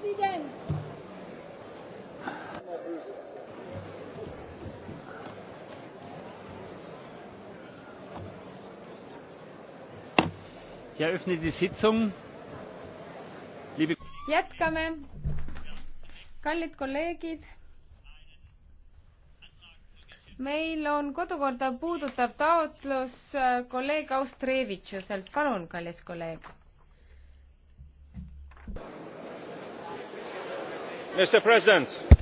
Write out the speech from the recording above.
Präsident! Ich eröffne die Sitzung. Liebe Jätkame. Kallid kolleegid, meil on kodukorda puudutav taotlus kolleeg Austrevitšuselt. Palun, kallis kolleeg. mr president